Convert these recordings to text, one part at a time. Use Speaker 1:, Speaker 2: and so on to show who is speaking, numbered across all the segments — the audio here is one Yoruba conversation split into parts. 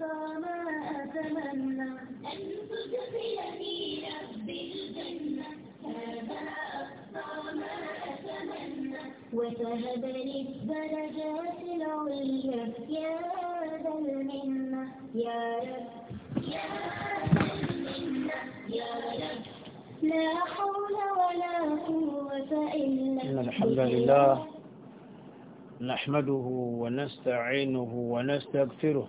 Speaker 1: أقصى ما أتمنى أن تدخلني ربي الجنة هذا أقصى ما أتمنى وتهب لي الدرجات العليا يا ذا المنة يا رب يا ذا المنة يا رب لا حول ولا قوة إلا إن الحمد لله نحمده ونستعينه ونستغفره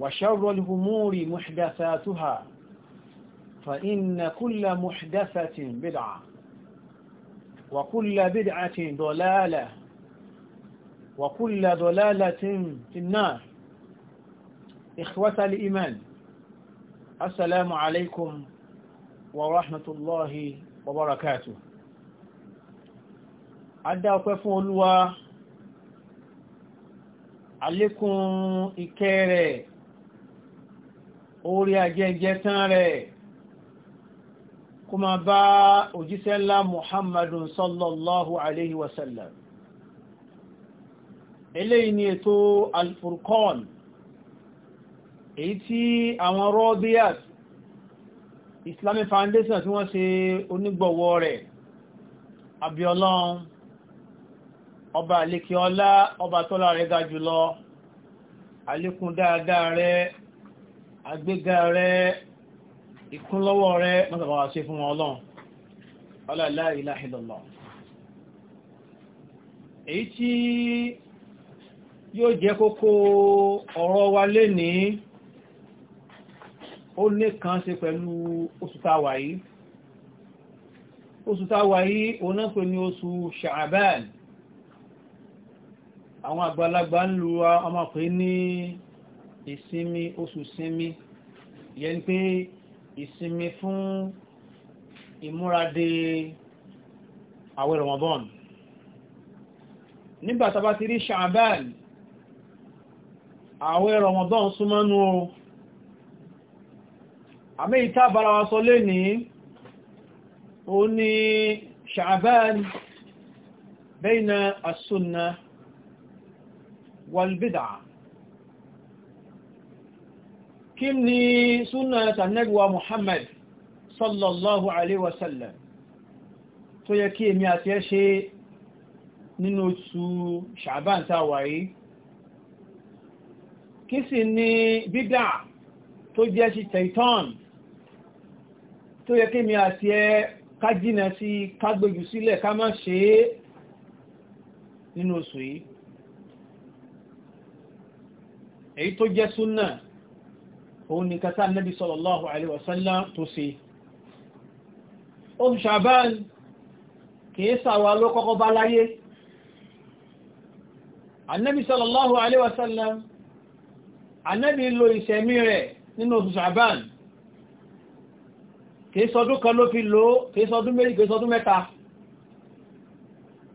Speaker 1: وشر الهمور محدثاتها فإن كل محدثة بدعة وكل بدعة ضلالة وكل ضلالة في النار إخوة الإيمان السلام عليكم ورحمة الله وبركاته Adá ọpẹ́ الله عليكم àlékún orí ajẹ́jẹ́ tán rẹ̀ kó máa bá òjíṣẹ́ ńlá muhammadun sallallahu alaihi wasallam eléyìí ni ètò alfurqan èyí tí àwọn rọ́bíyàt islamic foundation tí wọ́n ṣe onígbọ̀wọ́ rẹ̀ abiolan ọba àlékí ọlá ọba tọ́lá rẹ̀ ga jùlọ àlékún dáadáa rẹ̀ àgbéga rẹ ìkúnlọ́wọ́ rẹ mọ́sàbá wa ṣe fún wọn ọlọ́run ọlọ́lá ìlàhìlọ́lọ́ èyí tí yóò jẹ́ kókó ọ̀rọ̀ wa lénìí ó ní kan ṣe pẹ̀lú oṣù táwà yìí oṣù táwà yìí òun náà pè ní oṣù Sha'ban àwọn àgbàlagbà ń lu ọmọkùnrin ní ìsinmi oṣù sinmi yẹn pé ìsinmi fún ìmúradé àwẹ̀ Ramadan nígbà tá bá ti rí Ṣàbán àwẹ̀ Ramadan súnmọ́nú o àmì ìta bára sọ lé ní o ní Ṣàbán bẹ́ẹ̀nà as-sunnah kí ni súnà tànẹ́gbà Muhammad sallallahu alaihi wasallam tó yẹ kí èmi àti ẹ́ ṣe nínú oṣù ṣàbán tàwà yìí kí sì ni bídà tó jẹ́ sí tẹ̀tọ́n tó yẹ kí èmi àti ẹ́ kájínà sí kágbèjù sílẹ̀ ká má ṣe nínú oṣù yìí èyí tó jẹ́ súnà òun ni kata nabi sallallahu alaihi wasallam tó ṣe oṣù ṣàbáàn kìí sàwà ló kọ́kọ́ bá láyé annabi sallallahu alaihi wasallam annabi lo ìṣẹ̀mí rẹ̀ nínú oṣù ṣàbáàn kìí sọdún kan ló fi lò kìí sọdún méjì kìí sọdún mẹ́ta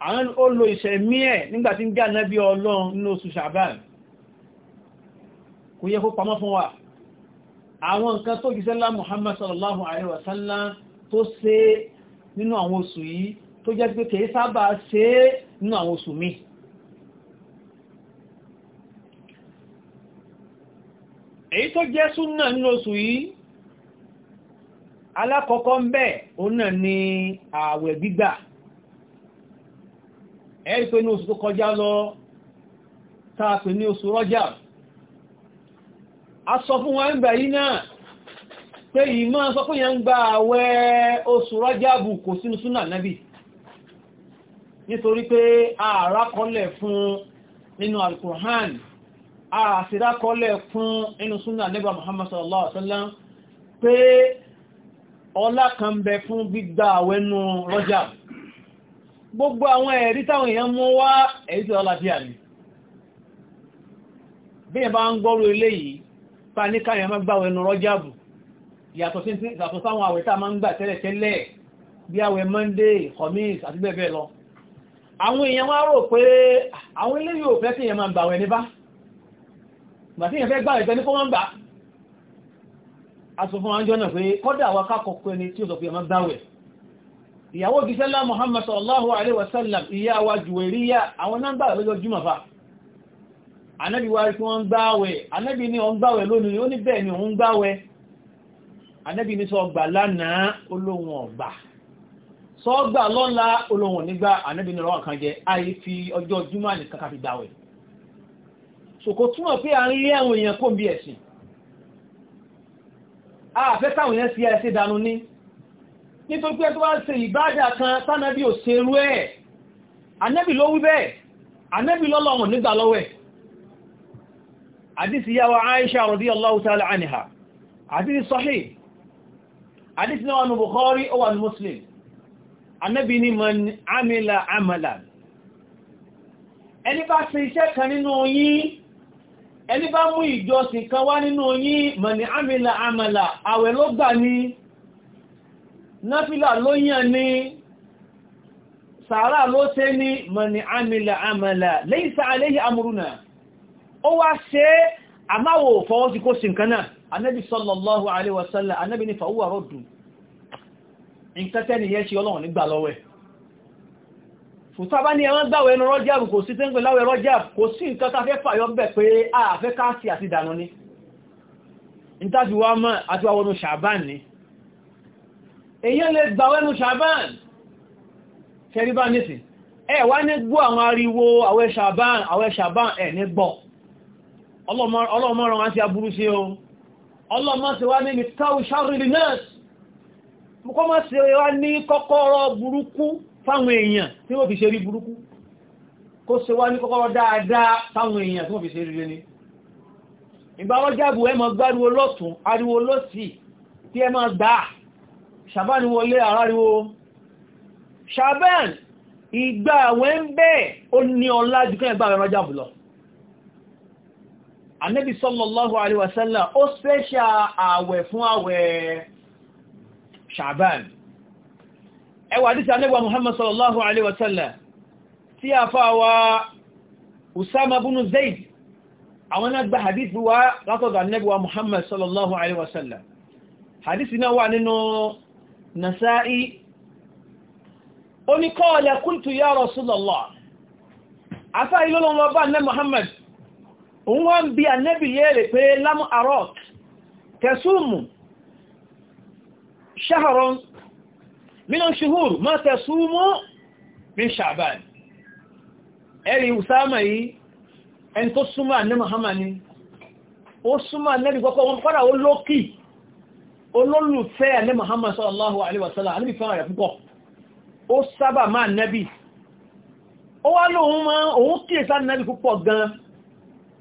Speaker 1: àwọn olò ìṣẹ̀mí ẹ̀ nígbàtí ń jẹ́ annabi ọlọ́run nínú oṣù ṣàbáàn kò yẹ kó pamọ́ fún wa àwọn nǹkan tó jíṣẹ́lá Muhammad sallallahu alaihi wasallam tó ṣe nínú àwọn oṣù yìí tó jẹ́ pé kèé sábà ṣe nínú àwọn oṣù mi èyí tó jẹ́ súnnà nínú oṣù yìí alákọ̀ọ́kọ́ ń bẹ òun náà ni ààwẹ̀ gbígbà ẹ̀rí pé ní oṣù tó kọjá lọ tá ní oṣù Rajab a sọ fún wọn gbà yí náà pé ìmọ́ sọ fún yẹn ń gba àwẹ̀ oṣù Rájàbù kò sínú súnà nábì nítorí pé ààrá kọlẹ̀ fún nínú Al-Qur'an kọlẹ̀ fún nínú súnà nábì Muhammad sallallahu alaihi wasallam pé ọlá kan bẹ fún gbígba àwẹ̀ nú Rájàbù gbogbo àwọn ẹ̀rí táwọn èèyàn mú wá èyí tí ọlá bí àrí bí ẹ ń gbọ́rọ̀ eléyìí pa ní káyà má gbáwẹ̀ ẹnu rọ́jàbù yàtọ̀ sáwọn àwẹ̀ tá a máa ń gbà tẹ́lẹ̀ tẹ́lẹ̀ bí àwẹ̀ monday khamis àti bẹ́ẹ̀ bẹ́ẹ̀ lọ àwọn èèyàn wá rò pé àwọn ilé yóò fẹ́ tí èèyàn máa gbàwẹ̀ ní bá gbà tí èèyàn fẹ́ gbàwẹ̀ tẹ́ ní kó Muhammad sallallahu alaihi wasallam ìyá wa Juwairiya àwọn náà anábi wá rí wọ́n gbáwẹ̀ anábi ní wọ́n gbáwẹ̀ lónìí ó ní bẹ́ẹ̀ ni òun gbáwẹ̀ anábi ní sọ gbà lánàá olóhun ọ̀gbà sọ gbà lọ́la olóhun nígbà anábi ní ọwọ́ kan jẹ àì fi ọjọ́ júmọ́ nìkan ká fi gbáwẹ̀ sòkò túnmọ̀ pé a ń rí àwọn èèyàn kó bí ẹ̀sìn àfẹ́ táwọn èèyàn sí ẹsẹ̀ dànù ní nítorí pé tó wá ṣe ìbádà kan tánàbí ò ṣerú ẹ̀ anẹ́bì ló wí bẹ́ẹ̀ anẹ́bì lọ́lọ́run nígbà lọ́wẹ́ àdísì yàwó Aisha radiyallahu ta'ala anha àdísì sahih àdísì náà wọnù Bukhari ó wà ní Muslim annabi ni man amila amalan ẹni bá ṣe iṣẹ́ kan nínú yín ẹni bá mú ìjọsìn kan wá nínú yín man amila amala àwẹ̀ ló gbà ní náfílà ló yàn ní sàárà ló tẹ́ ní man amila amala laysa alayhi amruna ó wá ṣe àmáwò fọwọ́ sí kó sí nǹkan náà anábi sallallahu alaihi wasallam anábi ni fàwúwà rọ́dù nǹkan tẹ́ni yẹ́ ṣe ọlọ́run nígbà lọ́wẹ́ fùtàbá ní ẹwọ́n gbàwẹ̀ ẹnu rọ́jàb kò sí tẹ́ǹgbẹ̀ láwẹ̀ rọ́jàb kò sí nǹkan ta fẹ́ fàyọ bẹ̀ pé ààfẹ́ káàsì àti ìdànà ni ìtàfiwá mọ́ àti àwọn ṣàbán ni èyàn ní gbọ́ àwọn ariwo àwẹ̀ ṣàbán àwẹ̀ ṣàbán ẹ̀ ní gbọ́ ọlọ́mọ́ràn wá sí aburú sí o ọlọ́mọ́ sí wá ní mìtáwù sáàrìlì náà kọ́ má sí wá ní kọ́kọ́rọ́ burúkú fáwọn èèyàn tí wọ́n fi ṣe rí burúkú kó sí wá ní kọ́kọ́rọ́ dáadáa fáwọn èèyàn tí wọ́n fi ṣe rí ní ìgbàwọ́jáàbù ẹ mọ̀ gbáriwo lọ́tún ariwo lọ́sì tí ẹ mọ̀ gbà ṣàbániwọlé àráriwo ṣàbẹ́n ìgbà àwẹ́ anẹ́bí sallallahu alaihi wasallam ó spẹ́ṣà àwẹ̀ fún àwẹ̀ ṣàbán ẹwà àdísì anẹ́bí muhammad sallallahu alaihi wasallam tí a fà wá usama bunu zaid àwọn náà gba hadith bí wá látọ̀dọ̀ anẹ́bí muhammad sallallahu alaihi wasallam hadith náà wà nínú nasa'i ó ní qala qultu ya rasulallah afá ilọ́lọ́wọ́ òun wọ́n ń bí anẹ́bì léèrè pé lámù arọ́t tẹ̀súmù ṣáhàrán mínú ṣuhùrù má tẹ̀súmù min ṣàbáyì ẹ̀rì ìsáàmà yìí ẹni tó súnmọ́ anẹ́ Muhammadu ó súnmọ́ anẹ́bì gbọ́kọ́ wọn padà ó lókì olólùfẹ́ anẹ́ Muhammad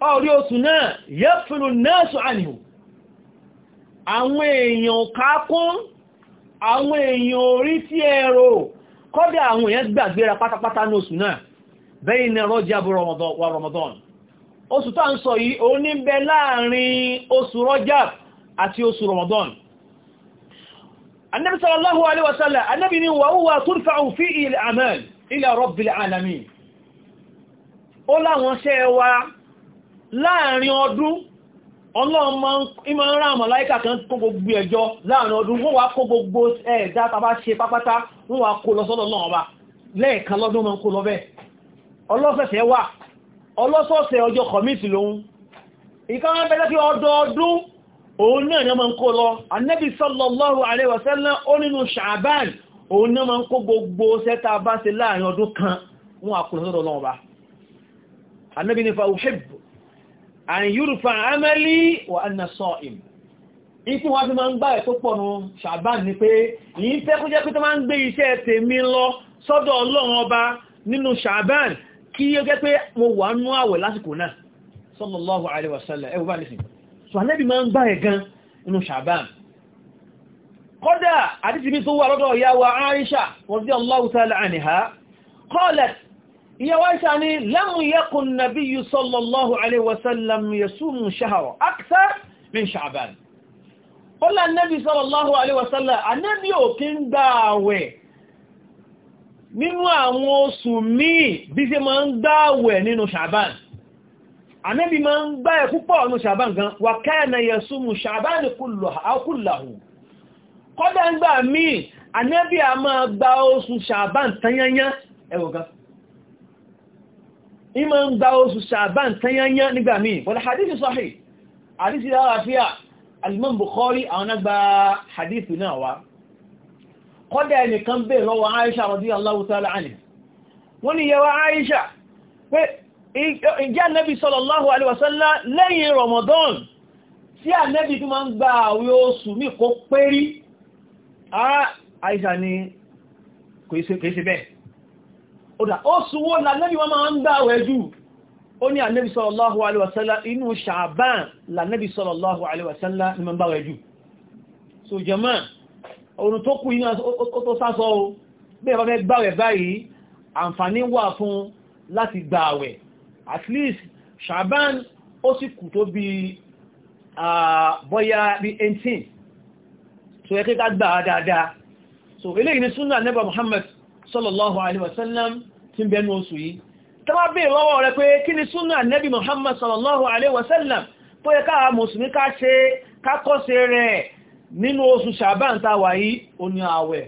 Speaker 1: ọ̀rí oṣù náà yẹ́fìlú náà sọ àníhù àwọn èèyàn kákún àwọn èèyàn orí tí ẹ̀rọ kọ́dá àwọn èèyàn gbàgbéra pátápátá ní oṣù náà bẹ́yìn náà rọ́jàbù wa Ramadan oṣù tó ń sọ yìí ó ní bẹ láàrin oṣù rọ́jàb àti oṣù Ramadan annabi sallallahu alaihi wasallam annabi ni wa huwa turfa'u fihi al-a'mal ila rabbil alamin ó láwọn ṣẹ́ wa láàrin ọdún ọlọ́run ma ń rán màláíkà kan kó gbogbo ẹjọ́ láàrin ọdún wọ́n wá kó gbogbo ẹ̀dá tàbá ṣe pápátá wọ́n wá kó lọ sọ́dọ̀ náà ọba lẹ́ẹ̀kan lọ́dún ma ń kó lọ bẹ́ẹ̀ ọlọ́sẹ̀sẹ̀ wà ọlọ́sọ̀ọ̀sẹ̀ ọjọ́ kọ̀míìtì lòun ìkan bẹ́ẹ̀ tí ọdọọdún òun náà ni wọ́n kó lọ anẹ́bí sallallahu alaihi wasallam ó nínú ṣàbán òun náà máa ń kó gbogbo sẹ́ta bá ṣe láàrin ọdún kan wọ́n àkùnrin lọ́dọ̀ lọ́wọ́ bá anẹ́bí nífa òṣèbù àrin yúrùfà amẹ́lì wà ánà sọ ìm ikú wọ́n fi máa ń gbá ẹ̀ tó pọ̀ nù ṣàbán ní pé yìí fẹ́ kó jẹ́ pé tó máa ń gbé iṣẹ́ tèmi lọ sọ́dọ̀ ọlọ́run ọba nínú ṣàbán kí yóò jẹ́ pé mo wà nú àwẹ̀ lásìkò náà sallallahu ìyàwó Aisha ni lam yakun nabiyyu sallallahu alaihi wasallam yasumu shahra akthar min sha'ban ọlá nẹ́bí sallallahu alaihi wasallam anẹ́bí ò kí ń gba àwẹ̀ nínú àwọn oṣù míì bí ṣe máa ń gba àwẹ̀ nínú sha'ban anẹ́bí máa ń gba ẹ̀ púpọ̀ nínú sha'ban gan wa kana ìmọ̀ ń gba oṣù ṣàbán tanyanya nígbà míì wọ́n hadithi sahih hadithi láwàáfíà al-Imam Bukhari àwọn àgbà hadithi náà wá kọ́dà ẹnìkan bèèrè lọ́wọ́ Aisha radiyallahu ta'ala anha wọ́n ní yẹwa Aisha pé ìjẹ́ Ànábì sallallahu alaihi wasallam lẹ́yìn Ramadan tí Ànábì tó máa ni kò ṣe ọ̀dá ó súwó lànẹ́bí wọ́n máa ń gbààwẹ̀ jù ó ní ànẹ́bí sallallahu alaihi wasallam inú ṣàbán lànẹ́bí sallallahu alaihi wasallam ni ma ń gbààwẹ̀ jù so jẹ́mọ́ orun tó kú iná tó sásọ o bí ẹ̀bá fẹ́ gbààwẹ̀ báyìí àǹfààní wà fún láti gbààwẹ̀ at least ṣàbán ó sì kù tó bí bọ́yá bí 18 so ẹ̀kẹ́ká gbà dáadáa so eléyìí ni súnà nẹ́bà Muhammad sallallahu alaihi wasallam tí ń bẹnu oṣù yìí tó bá bèèrè lọ́wọ́ rẹ̀ pé kí ni súnà nẹ́bí Muhammad sallallahu alaihi wasallam tó yẹ káà mùsùlùmí ká ṣe kákọ́ṣe rẹ̀ nínú oṣù Ṣàbán tá wà yìí ó ní àwẹ̀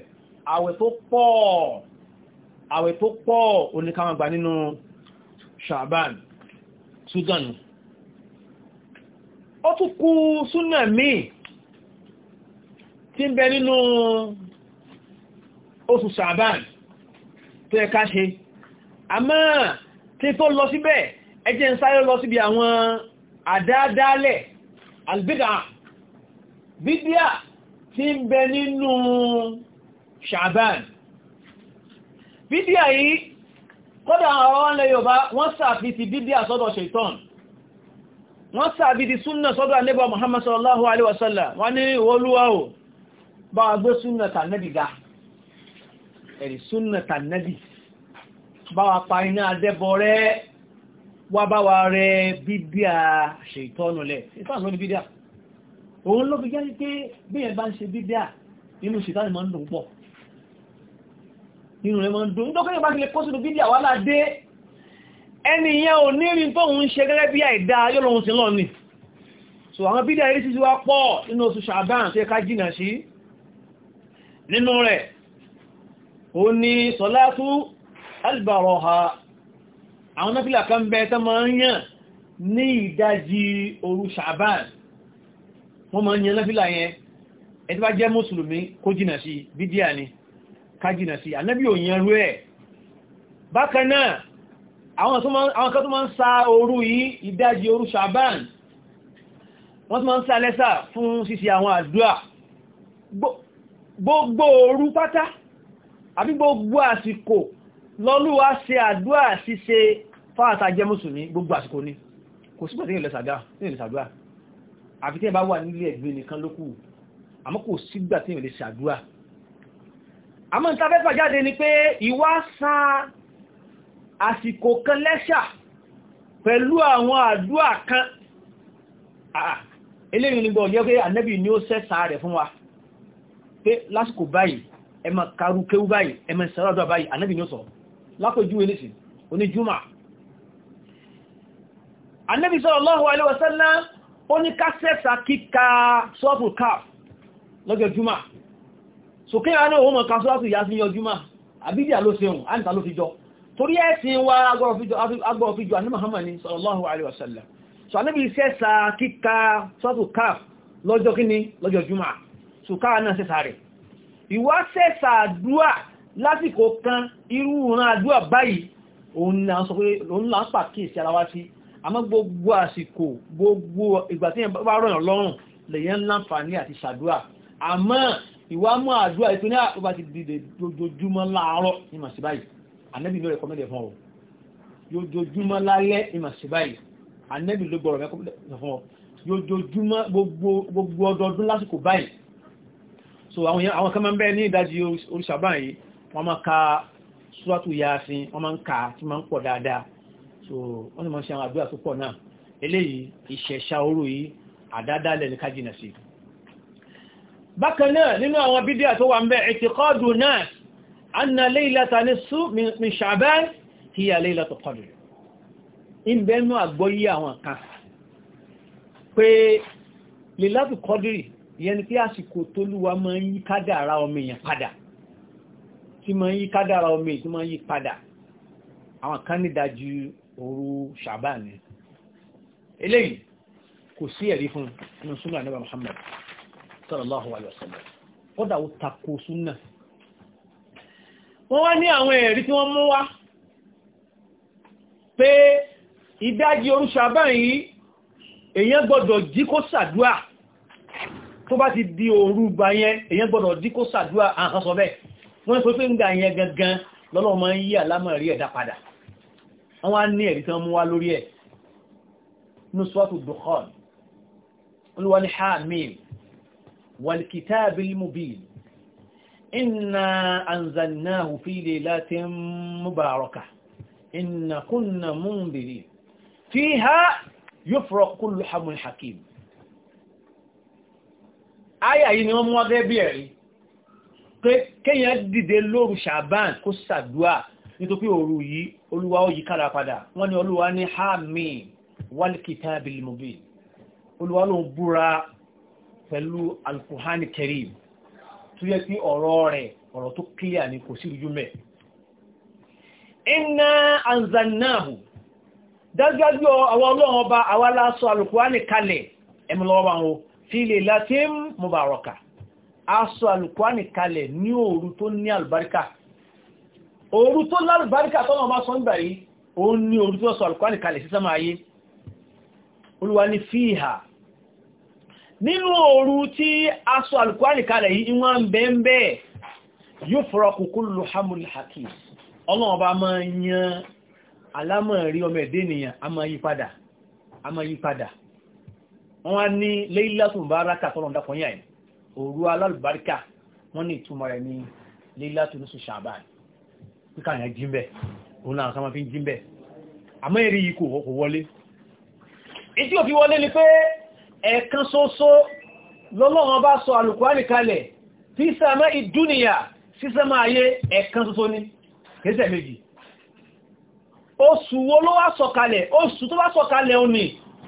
Speaker 1: àwẹ̀ tó pọ̀ àwẹ̀ tó pọ̀ ó ní ká máa ń bẹ nínú oṣù Ṣàbán tó yẹ ká ṣe àmọ́ tí tó lọ síbẹ̀ ẹ jẹ́ ń sáré lọ síbi àwọn àdáadáalẹ̀ albida bídíà tí ń bẹ nínú ṣàbán bídíà yìí kọ́dà àwọn ọlẹ́ Yorùbá wọ́n sàfi ti bídíà sọ́dọ̀ ṣaitan wọ́n sàfi ti súnnà sọ́dọ̀ anẹ́bà Muhammad sallallahu alaihi wasallam wọ́n ní olúwa o bá gbé súnnà tànẹ́bìgá ẹ̀rì súnnàtà nẹ́bì bá wa pa iná adẹ́bọ rẹ̀ wá bá wa rẹ̀ bídíà ṣètọ́nù lẹ̀ ìfàṣọ ní bídíà òun ló fi jẹ́ pé bíyẹn bá ń ṣe bídíà nínú ṣètánì máa ń dùn pọ̀ nínú rẹ̀ máa ń dùn nítorí bá ti lè kó sínú bídíà wà ládé ẹni ìyẹn ò ní rí tó ń ṣe gẹ́gẹ́ bí àìdá yóò sí lọ́ni so àwọn bídíà eré sísí wá pọ̀ nínú oṣù ṣàbáà tó yẹ jìnà sí nínú rẹ̀ ó ní sọ́látú albàrọ̀ha àwọn náfílà kan bẹ tán máa ń yàn ní ìdájí òru ṣàbán wọ́n máa ń yàn náfílà yẹn ẹ̀tí bá jẹ́ mùsùlùmí kó jìnà sí bídíà ni ká jìnà sí ànábì ò yàn rú ẹ̀ bákan náà àwọn tó máa ń sa òru yìí ìdájí òru ṣàbán àbí gbogbo àsìkò lọ́lúwa ṣe àdúà ṣíṣe fáàtà jẹ́ mùsùlùmí gbogbo àsìkò ni kò sígbà tí ìlẹ̀ ṣàdúà àfi tí ẹ bá wà nílé ẹ̀gbẹ́ nìkan lókù àmọ́ kò sígbà tí ìlẹ̀ ṣàdúà àmọ́ ìta fẹ́ pàjáde ni pé ìwá san àsìkò kan lẹ́ṣà kan eléyìn nígbọ̀ jẹ́ pé ànẹ́bì ni ó sẹ́sà rẹ̀ fún wa pé lásìkò báyìí ẹ ma karu kéwú báyìí ẹ ma sàrádọ́ báyìí anábì ní ó sọ lápòjúwé ní sí oníjúmà anábì sallallahu alaihi wasallam ó ní kásẹ̀sà kíka sọ́ọ̀tù káf lọ́jọ́ júmà sókè àwọn ohun mọ̀ká sọ́ọ̀tù ìyá sí yọ júmà àbídí àló seun àǹtà ló fi jọ torí ẹ̀sìn wa agbọ́rọ̀ fi jọ anábì Muhammad ní wasallam so anábì sẹ́sà kíka sọ́ọ̀tù káf lọ́jọ́ kíní lọ́jọ́ júmà so káà náà sẹ́sà rẹ̀ ìwá sẹ́sà àdúà lásìkò kan irú ìran àdúà báyìí òun ni a sọ pé òun là ń pàkíyèsí ara wá sí àmọ́ gbogbo àsìkò gbogbo ìgbà tí yẹn bá rọ̀yàn lọ́rùn lèyàn ń láǹfààní àti ṣàdúà àmọ́ ìwá mọ́ àdúà ètò ní àpapà ti dìde dojoojúmọ́ láàárọ̀ ní màsí báyìí ànẹ́bì ló rẹ̀ kọ́mẹ́dẹ̀ fún ọ dojoojúmọ́ lálẹ́ ní màsí báyìí ànẹ́bì ló gbọ́rọ̀ mẹ́kọ́mẹ́dẹ̀ fún ọ dojoojúmọ́ gbogbo ọdọọdún lásìkò báyìí so àwọn kan máa ń bẹ́ ní ìdájí oríṣàbá yìí wọ́n máa ka súwátù Yasin wọ́n máa ń ka tí máa ń pọ̀ dáadáa so wọ́n ni máa ń ṣe àwọn àdúrà tó pọ̀ náà eléyìí ìṣẹ̀ṣà oró yìí àdádálẹ̀ ní kájínà sí bákan náà nínú àwọn bídíà tó wà ń bẹ́ ìtìkọ́dù náà anna min Sha'ban hiya laylatu qadr ìbẹ́nu àgbọ́yé àwọn kan pé lè látù kọ́dìrì ìyẹn ni pé àsìkò tólúwa máa ń yí kádàrá ọmọ èèyàn padà tí máa ń yí kádàrá ọmọ èèyàn tí máa ń yí padà àwọn kan ní dájú òru ṣàbá ni eléyìí kò sí ẹ̀rí fún inú súnà ànábì Muhammad sallallahu alaihi wasallam kódà ó takò súnà wọ́n wá ní àwọn ẹ̀rí tí wọ́n mú wá pé ìdájí òru ṣàbá yìí èèyàn gbọ́dọ̀ jí kó ṣàdúà tó bá ti di òru gba yẹn èyàn gbọ́dọ̀ dí kó sàdúrà àhán sọ bẹ́ẹ̀ wọ́n sọ pé ń gbà yẹn gangan lọ́lọ́ máa ń yí àlámọ̀ rí ẹ̀dá padà wọ́n á ní ẹ̀rí tán mú wá lórí ẹ̀ nusratu dukhan olúwa ní hamil walkitabil mubin inna anzalnahu fi laylatin mubarakah inna kunna mundirin fiha yufraqu kullu hamul hakim àyà yìí ni wọ́n mú ọgẹ́ bí ẹ̀rí pé kéèyàn dìde lóru ṣàbán kó ṣàdúà nítorí òru yìí olúwa ó yí kára padà wọ́n ní olúwa ní hàmì wal-kitabil olúwa ló ń búra pẹ̀lú al-Qur'an tó yẹ sí ọ̀rọ̀ rẹ̀ ọ̀rọ̀ tó ní kò inna anzalnahu dájúdájú àwọn ọba àwa file latin mubaroka a so alukwani kalẹ ni oru to ni albarka oru to nalubarka to ma maso ụbari o ni oru to so alukwani kalẹ si samaaye oluwa ni fi ha ninu oru ti a so alukwani kalẹ yi inwa nbebe e yi fura kuku luluhammari haqqis ọnwa obama yan alama ri ome beniya a ma yi pada. wọ́n wá ní Laylatul Baraka tọ́lọ̀ dákọ̀ yà ní òru alálùbáríkà wọ́n ní ìtumọ̀ rẹ̀ ní Laylatul Nisfu Sha'ban píkà yẹn jímbẹ̀ òun náà sọ́mọ́ fi ń jímbẹ̀ àmọ́ èrè yìí kò wọlé ìtí ò fi wọlé ni pé ẹ̀ẹ̀kan ṣoṣo lọ́lọ́run bá sọ Al-Qur'ani kalẹ̀ tí sàmá ìdúnìyà ní kẹsẹ̀ méjì oṣù wo ló wá sọ̀kalẹ̀ oṣù tó wá sọ̀kalẹ̀ òní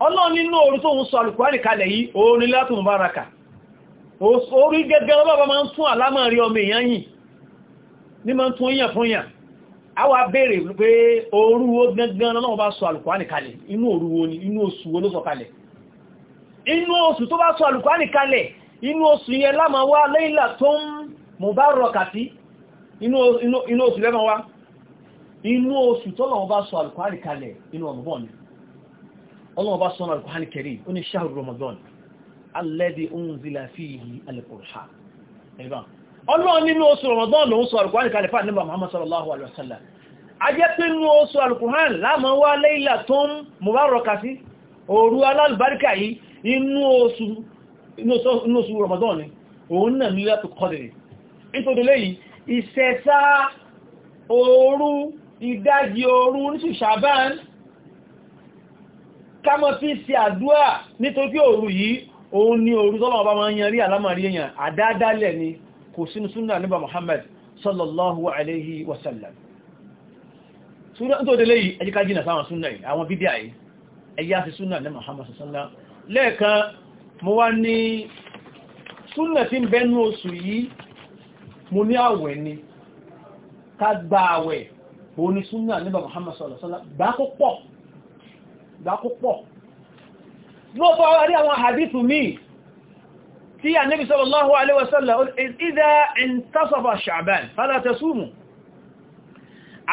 Speaker 1: ọlọ́run nínú orí tó ń sọ alùkùránì kalẹ̀ yìí orin látùn báraka orí gẹ́gẹ́ ọlọ́bà máa ń tún àlámà rí ọmọ èèyàn yìí ní máa ń tún èèyàn fún yàn a wá béèrè pé orú wo gẹ́gẹ́ ọlọ́run bá sọ alùkùránì kalẹ̀ inú òru wo ni inú oṣù wo ló sọ kalẹ̀ inú oṣù tó bá sọ ọlọ́wọ́ bá sọ́nà alkùnrin kẹrì ó ní ṣáàrù ramadan alẹ́dì oun zila fi yìí alìkùnrùhá ẹ̀bá ọlọ́wọ́ nínú oṣù ramadan lòun sọ alkùnrin kalẹ̀ fà nígbà muhammad sallallahu alaihi wasallam a jẹ́ pé nínú oṣù alkùnrin láàmà wá lẹ́yìnlá tó ń mubaraka sí òru alálùbáríkà kámọ́ fi ṣe àdúrà nítorí pé òru yìí òun ni òru tọ́lọ̀ọba máa ń yanrí àlámàrí èèyàn àdádálẹ̀ ni kò sínú súnà níbà Muhammad sallallahu alaihi wasallam súnà tó délé yìí ẹjíká jìnà sáwọn súnà yìí àwọn bídíà Muhammad sallallahu lẹ́ẹ̀kan mo wá ní súnà tí ń bẹnu oṣù yìí mo gba àwẹ̀ òun ni súnà níbà Muhammad sallallahu alaihi wasallam gbákó pọ̀ mo bọ́ rí àwọn hadithu mi tí Ànábì sallallahu alaihi wasallam idha intasafa sha'ban fala tasumu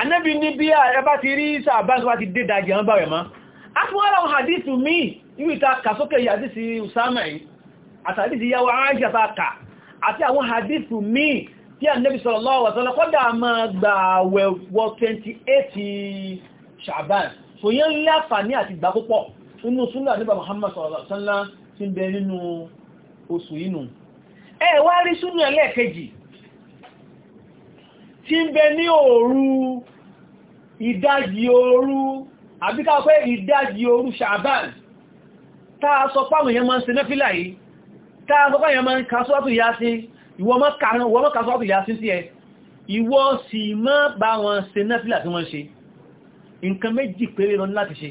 Speaker 1: Ànábì ní bí ẹbá ti rí sha'ban tó bá ti dé dàjẹ̀ wọn bàrẹ̀ mọ́ a fún ara àwọn hadithu mi ìwé ta kàsókè hadithu Usama yìí àtàdìsí yàwó Aisha ta kà àti àwọn hadithu mi tí Ànábì sallallahu alaihi wasallam kọ́dà máa gbà wẹ̀wọ̀ 28 sha'ban so yẹ́ ń láfàní àti ìgbà púpọ̀ nínú súnà nípa Muhammad sallallahu alaihi wasallam tí ń bẹ nínú oṣù inú ẹ wá rí súnà lẹ́ẹ̀kejì tí ń bẹ ní òru ìdájì òru àbíkáwẹ́ ìdájì òru Sha'ban táa sọ páwọn èèyàn máa ń ṣe nẹ́fílà yìí táa sọ páwọn èèyàn máa ń ka sọ́tù nǹkan méjì péré lọ láti ṣe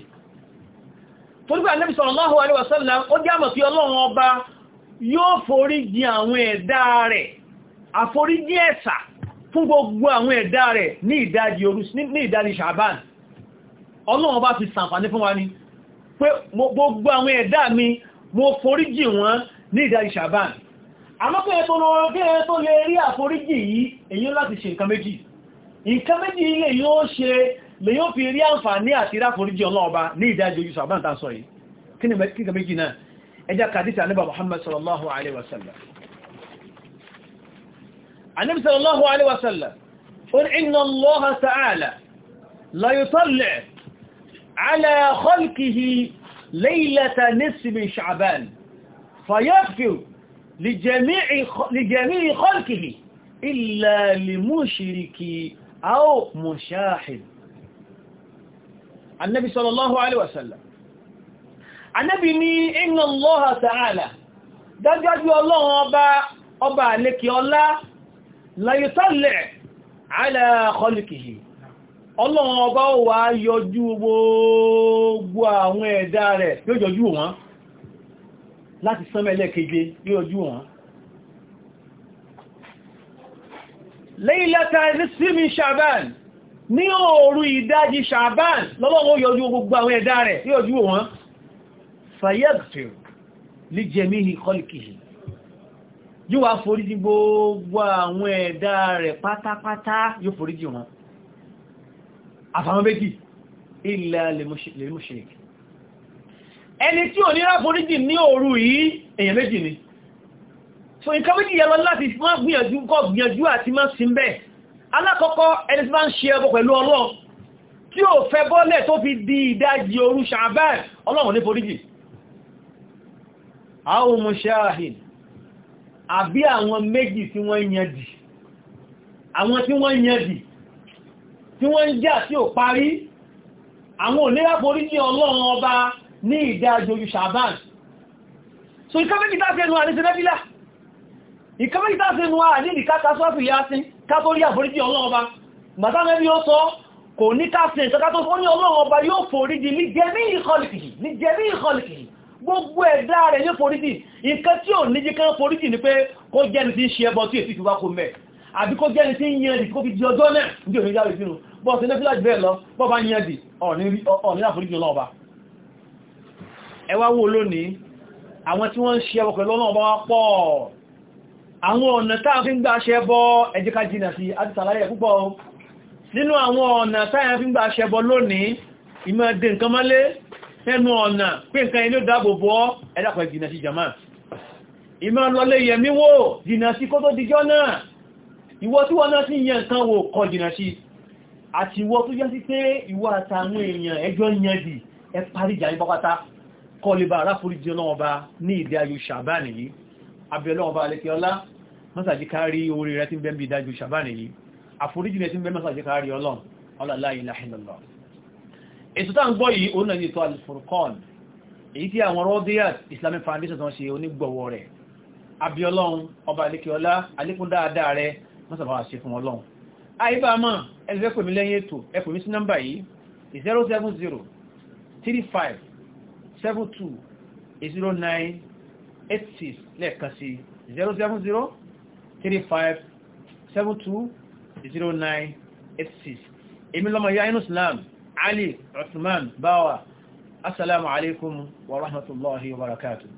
Speaker 1: torípé Ànábì sallallahu alaihi wasallam ó jẹ́ àmọ̀ sí ọlọ́run ọba yóò foríjì àwọn ẹ̀dá rẹ̀ àforíjì ẹ̀sà fún gbogbo àwọn ẹ̀dá rẹ̀ ní ìdájí orúsí ní ìdájí ṣàbán ọlọ́run ọba fi sàǹfàní fún wa ní pé gbogbo àwọn ẹ̀dá mi mo foríjì wọn ní ìdájí ṣàbán lè yóò fi rí àǹfààní àti ráforíjì ọlọ́ọba ní ìdájọ́ yusuf àbáǹtà sọ yìí kí ni kíkà méjì náà ẹjá kàdísà níbà muhammad sallallahu alaihi wasallam annabi sallallahu alaihi wasallam qul inna allaha ta'ala la yutalli ala khalqihi li jami'i li jami'i khalqihi illa li annabi sallallahu alaihi wasallam annabi ní inna Allah ta'ala dájájú ọlọ́run ọba ọba àlékí ọlá la yusalli ala khalqihi ọlọ́run ọba ó wá yọjú gbogbo àwọn ẹ̀dá rẹ̀ yóò yọjú wọn láti sánmẹ́lẹ̀ keje yóò yọjú wọn laylata nisfi min ní òru ìdájí ṣàbán lọ́lọ́wọ́ yọjú gbogbo àwọn ẹ̀dá rẹ̀ yọjú wọn fayẹ́gbẹ̀ lè jẹmí ìkọlìkìhì yóò wá foríjì gbogbo àwọn ẹ̀dá rẹ̀ pátápátá yóò foríjì wọn àfàwọn méjì illa lil ẹni tí ò ní alákọ̀ọ́kọ́ ẹni tí bá ń ṣe ẹbọ pẹ̀lú ọlọ́run tí ó fẹ́ bọ́lẹ̀ tó fi di ìdájí òru ṣàbáà ọlọ́run ní foríjì àwọn mọ̀ṣáàhìn àbí àwọn méjì tí wọ́n yẹndì àwọn tí wọ́n yẹndì tí wọ́n ń jà tí ò parí àwọn òlera foríjì ọlọ́run ọba ní ìdájí òru ṣàbáà so ìkọ́mẹ́kítà sẹ́nu àdíṣẹ́ kátórí àforíjì ọlọ́ọba màtánẹ́bí ó sọ kò ní káfíẹ̀ ìṣẹ́kátó ó ní ọlọ́ọba yóò foríjì ní jẹ́mí ìkọlìkì ní jẹ́mí ìkọlìkì gbogbo ẹ̀dá rẹ̀ yóò foríjì nǹkan tí ò ní jíkẹ́ foríjì ni pé kó jẹ́ni tí ń ṣe ẹbọ tí èsì ti wá kó mẹ́ àbí kó jẹ́ni tí ń yẹn dì kó fi di ọjọ́ náà ní òní járe sínú bọ́ sí nẹ́fílá jù bẹ́ẹ̀ lọ bọ́ bá yẹn dì àforíjì ọlọ́ọba ẹ wá lónìí àwọn tí wọ́n ń ṣe ẹbọ pẹ̀lú ọlọ́ọba pọ̀ àwọn ọ̀nà táà fi ń gbà ṣẹbọ ẹjíká jìnà sí àti sàlàyé púpọ̀ nínú àwọn ọ̀nà táà fi ń gbà ṣẹbọ lónìí ìmọ̀ dé nǹkan mọ́lé ẹnu ọ̀nà pé nǹkan ilé dáàbòbò ẹ̀dàpọ̀ jìnà sí jama ìmọ̀ lọlé yẹmíwò jìnà sí kó tó dijọ́ náà ìwọ tí wọ́n náà sí yẹ nǹkan wò kọ jìnà sí àti ìwọ tó abẹ́lọ́ ọba alẹ́kẹ́ ọlá mọ́sàjí kárí orí rẹ tí ń bẹ́ bí ìdájú ṣàbánì yìí àforíjì rẹ tí ń bẹ́ mọ́sàjí kárí ọlọ́run ọlọ́lá ilaha illallah ètò tá ń gbọ́ yìí ó náà ní ètò al-Furqan èyí tí àwọn Rọ́díyàt Islamic Foundation tó ń ṣe onígbọ̀wọ́ rẹ̀ abiọlọ́run ọba alékiọlá alékún dáadáa rẹ̀ mọ́sàbáwà ṣe fún ọlọ́run àìbámọ́ ẹgbẹ́ pèmí 35 72 86 lẹ́ẹ̀kan sí 070 35 72 0986 èmi lọ́mọ ya inú islam ali usman bawa assalamu alaikum wa rahmatullahi wa barakatuh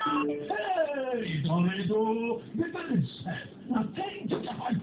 Speaker 1: Hey, don't do business. Now take the